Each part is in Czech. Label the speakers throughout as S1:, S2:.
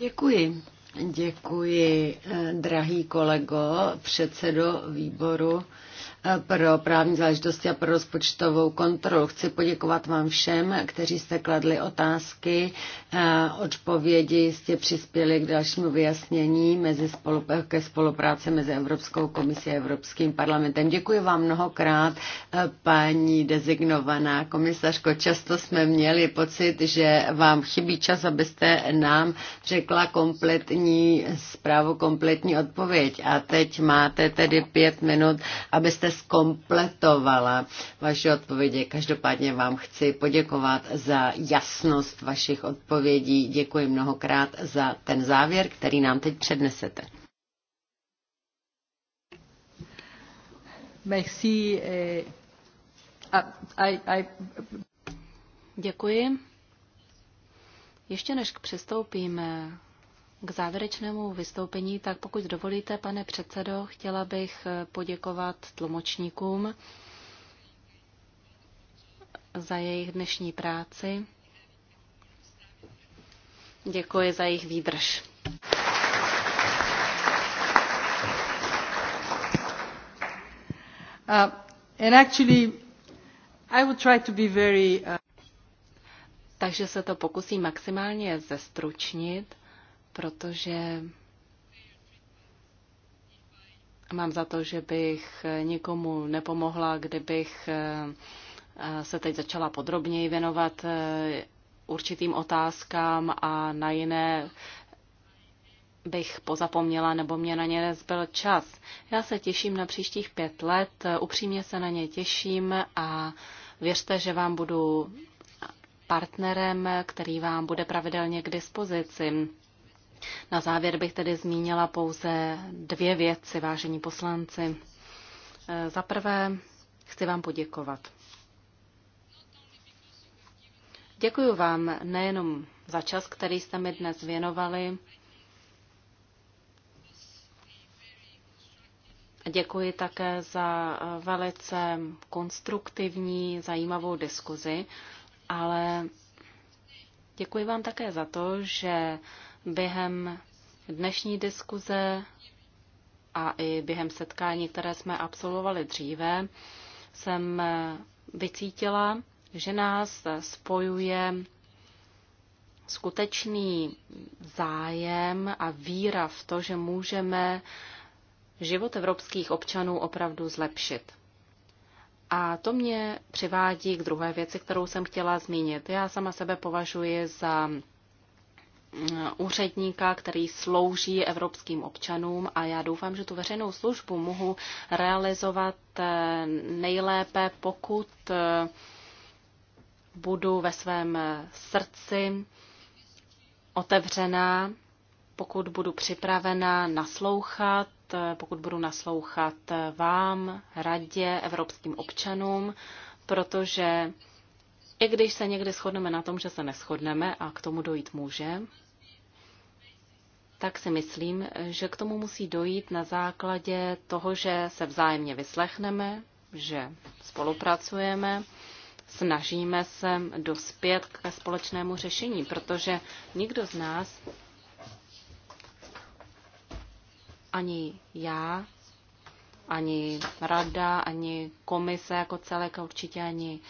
S1: Děkuji. Děkuji, eh, drahý kolego, předsedo výboru pro právní záležitosti a pro rozpočtovou kontrolu. Chci poděkovat vám všem, kteří jste kladli otázky. Odpovědi jste přispěli k dalšímu vyjasnění mezi spolu, ke spolupráci mezi Evropskou komisí a Evropským parlamentem. Děkuji vám mnohokrát, paní dezignovaná komisařko. Často jsme měli pocit, že vám chybí čas, abyste nám řekla kompletní zprávu, kompletní odpověď. A teď máte tedy pět minut, abyste zkompletovala vaše odpovědi. Každopádně vám chci poděkovat za jasnost vašich odpovědí. Děkuji mnohokrát za ten závěr, který nám teď přednesete.
S2: Merci. Eh, ah, Děkuji. Ještě než přistoupíme k závěrečnému vystoupení, tak pokud dovolíte, pane předsedo, chtěla bych eh, poděkovat tlumočníkům za jejich dnešní práci. Děkuji za jejich výdrž. Uh, and actually, I try to be very, uh... Takže se to pokusím maximálně zestručnit protože mám za to, že bych nikomu nepomohla, kdybych eh, se teď začala podrobněji věnovat eh, určitým otázkám a na jiné bych pozapomněla nebo mě na ně nezbyl čas. Já se těším na příštích pět let, eh, upřímně se na ně těším a věřte, že vám budu partnerem, který vám bude pravidelně k dispozici. Na závěr bych tedy zmínila pouze dvě věci, vážení poslanci. E, za prvé chci vám poděkovat. Děkuji vám nejenom za čas, který jste mi dnes věnovali, Děkuji také za velice konstruktivní, zajímavou diskuzi, ale děkuji vám také za to, že během dnešní diskuze a i během setkání, které jsme absolvovali dříve, jsem vycítila, že nás spojuje skutečný zájem a víra v to, že můžeme život evropských občanů opravdu zlepšit. A to mě přivádí k druhé věci, kterou jsem chtěla zmínit. Já sama sebe považuji za úředníka, který slouží evropským občanům a já doufám, že tu veřejnou službu mohu realizovat eh, nejlépe, pokud eh, budu ve svém eh, srdci otevřená, pokud budu připravena naslouchat, pokud budu naslouchat vám, radě, evropským občanům, protože i když se někdy shodneme na tom, že se neschodneme a k tomu dojít může, tak si myslím, že k tomu musí dojít na základě toho, že se vzájemně vyslechneme, že spolupracujeme, snažíme se dospět ke společnému řešení, protože nikdo z nás, ani já, ani rada, ani komise jako celek a určitě ani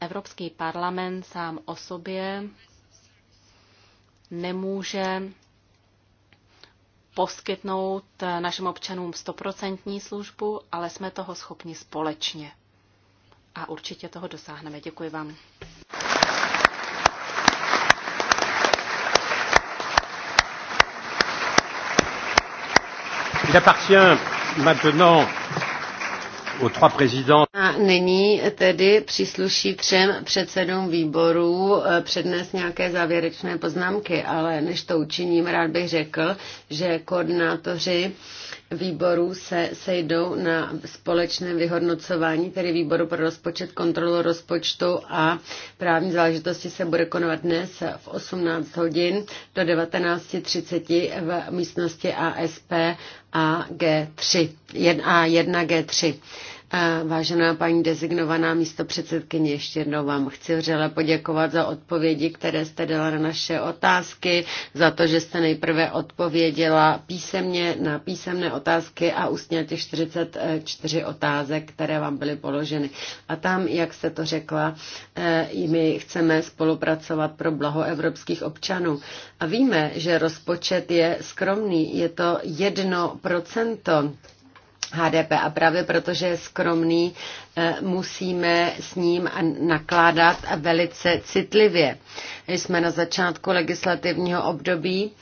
S2: Evropský parlament sám o sobě nemůže poskytnout našim občanům stoprocentní službu, ale jsme toho schopni společně. A určitě toho dosáhneme. Děkuji vám.
S1: Il appartient maintenant a nyní tedy přísluší třem předsedům výborů eh, přednést nějaké závěrečné poznámky, ale než to učiním, rád bych řekl, že koordinátoři výborů se sejdou na společném vyhodnocování, tedy výboru pro rozpočet, kontrolu rozpočtu a právní záležitosti se bude konovat dnes v 18 hodin do 19.30 v místnosti ASP AG3, 1A1G3. Vážená paní dezignovaná místo předsedkyně, ještě jednou vám chci vřele poděkovat za odpovědi, které jste dala na naše otázky, za to, že jste nejprve odpověděla písemně na písemné otázky a ústně těch 44 otázek, které vám byly položeny. A tam, jak jste to řekla, eh, i my chceme spolupracovat pro blaho evropských občanů. A víme, že rozpočet je skromný, je to jedno procento HDP a právě protože je skromný, eh, musíme s ním nakládat velice citlivě. Jsme na začátku legislativního období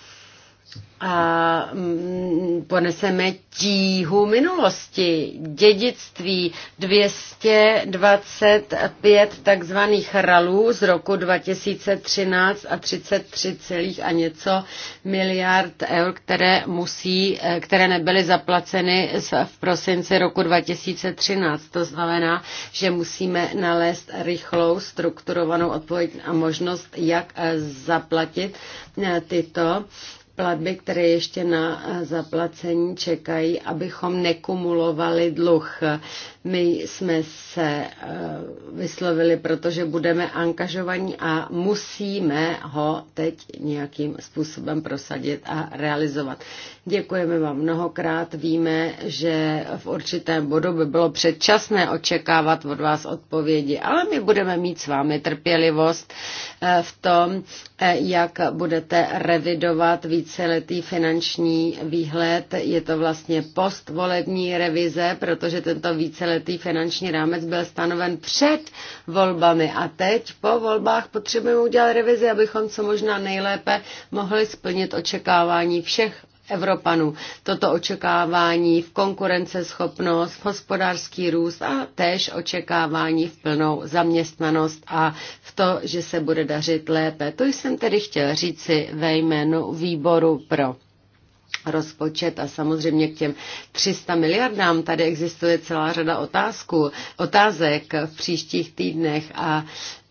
S1: a mm, poneseme tíhu minulosti, dědictví 225 takzvaných ralů z roku 2013 a 33 celých a něco miliard eur, které, musí, eh, které nebyly zaplaceny v prosinci roku 2013. To znamená, že musíme nalézt rychlou, strukturovanou odpověď a možnost, jak eh, zaplatit eh, tyto platby, které ještě na eh, zaplacení čekají, abychom nekumulovali dluh. My jsme se eh, vyslovili, protože budeme angažovaní a musíme ho teď nějakým způsobem prosadit a realizovat. Děkujeme vám mnohokrát. Víme, že v určitém bodu by bylo předčasné očekávat od vás odpovědi, ale my budeme mít s vámi trpělivost eh, v tom, jak budete revidovat více víceletý finanční výhled. Je to vlastně postvolební revize, protože tento víceletý finanční rámec byl stanoven před volbami a teď po volbách potřebujeme udělat revizi, abychom co možná nejlépe mohli splnit očekávání všech Evropanů. Toto očekávání v konkurenceschopnost, v hospodářský růst a též očekávání v plnou zaměstnanost a v to, že se bude dařit lépe. To jsem tedy chtěl říci ve jménu výboru pro rozpočet a samozřejmě k těm 300 miliardám tady existuje celá řada otázků, otázek v příštích týdnech a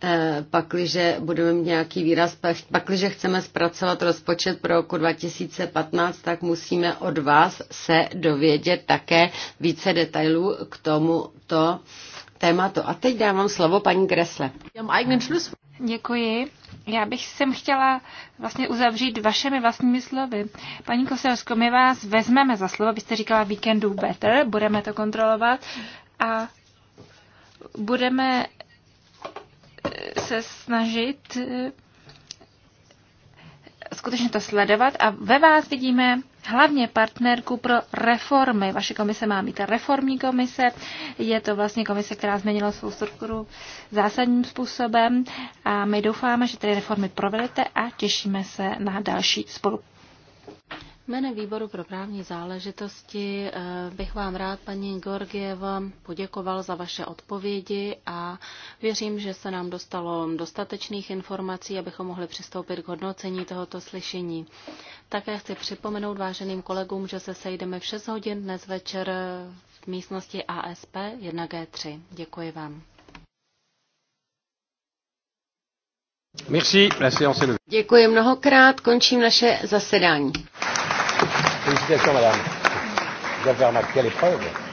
S1: e, pakliže budeme mít nějaký výraz, pakliže chceme zpracovat rozpočet pro roku 2015, tak musíme od vás se dovědět také více detailů k tomuto tématu. A teď dávám slovo paní Gresle.
S2: Děkuji já bych sem chtěla vlastně uzavřít vašemi vlastními slovy. Paní Koselsko, my vás vezmeme za slovo, byste říkala víkendu do better, budeme to kontrolovat a budeme eh, se snažit eh, skutečně to sledovat a ve vás vidíme hlavně partnerku pro reformy. Vaše komise má mít reformní komise, je to vlastně komise, která změnila svou strukturu zásadním způsobem a my doufáme, že ty reformy provedete a těšíme se na další spolupráci Jménem výboru pro právní záležitosti eh, bych vám rád, paní Georgieva, poděkoval za vaše odpovědi a věřím, že se nám dostalo dostatečných informací, abychom mohli přistoupit k hodnocení tohoto slyšení. Také chci připomenout váženým kolegům, že se sejdeme v 6 hodin dnes večer v místnosti ASP 1G3. Děkuji vám.
S1: Merci, la séance est Děkuji mnohokrát, končím naše zasedání
S2: félicitations madame vous avez remarqué l'épreuve.